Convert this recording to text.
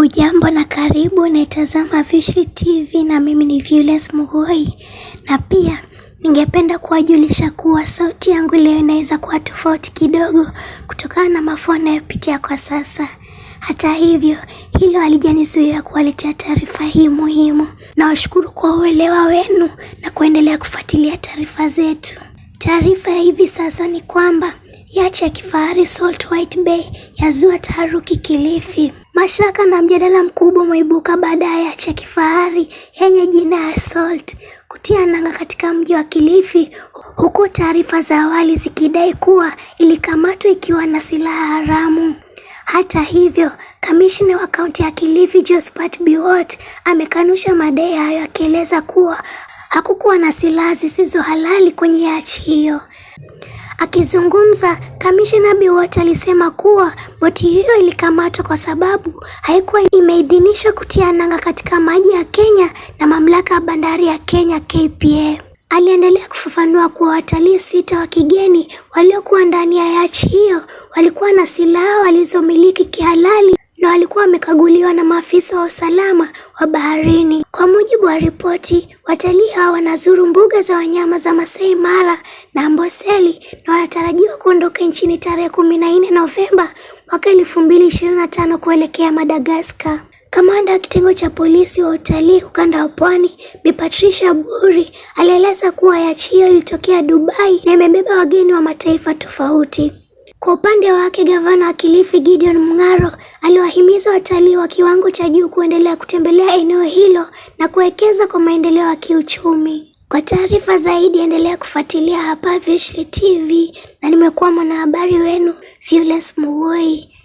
Hujambo na karibu naitazama Veushly TV na mimi ni Violence Mugoi, na pia ningependa kuwajulisha kuwa sauti yangu leo inaweza kuwa tofauti kidogo kutokana na mafua nayopitia kwa sasa. Hata hivyo, hilo halijanizuia kuwaletea taarifa hii muhimu. Nawashukuru kwa uelewa wenu na kuendelea kufuatilia taarifa zetu. Taarifa ya hivi sasa ni kwamba yacha ya kifahari Salt White Bay yazua taharuki Kilifi. Mashaka na mjadala mkubwa umeibuka baada ya yachi ya kifahari yenye jina ya Salt kutia nanga katika mji wa Kilifi, huku taarifa za awali zikidai kuwa ilikamatwa ikiwa na silaha haramu. Hata hivyo, kamishna wa kaunti ya Kilifi Josephat Biwott amekanusha madai hayo akieleza kuwa hakukuwa na silaha zisizo halali kwenye yachi hiyo. Akizungumza, kamishna Biwott alisema kuwa boti hiyo ilikamatwa kwa sababu haikuwa imeidhinishwa kutia nanga katika maji ya Kenya na mamlaka ya bandari ya Kenya KPA. Aliendelea kufafanua kuwa watalii sita wa kigeni waliokuwa ndani ya yachi hiyo walikuwa na silaha walizomiliki kihalali na walikuwa wamekaguliwa na maafisa wa usalama wa baharini. Kwa mujibu wa ripoti, watalii hao wanazuru mbuga za wanyama za Masai Mara na Amboseli na wanatarajiwa kuondoka nchini tarehe 14 Novemba mwaka 2025 kuelekea Madagaskar. Kamanda wa kitengo cha polisi wa utalii ukanda wa pwani Bi Patricia Buri alieleza kuwa yachi hiyo ilitokea Dubai na imebeba wageni wa mataifa tofauti. Kwa upande wake gavana wa Kilifi Gideon mng'aro aliwahimiza watalii wa kiwango cha juu kuendelea kutembelea eneo hilo na kuwekeza kwa maendeleo ya kiuchumi. Kwa taarifa zaidi endelea kufuatilia hapa Veushly TV na nimekuwa mwanahabari wenu Violence Muwoi.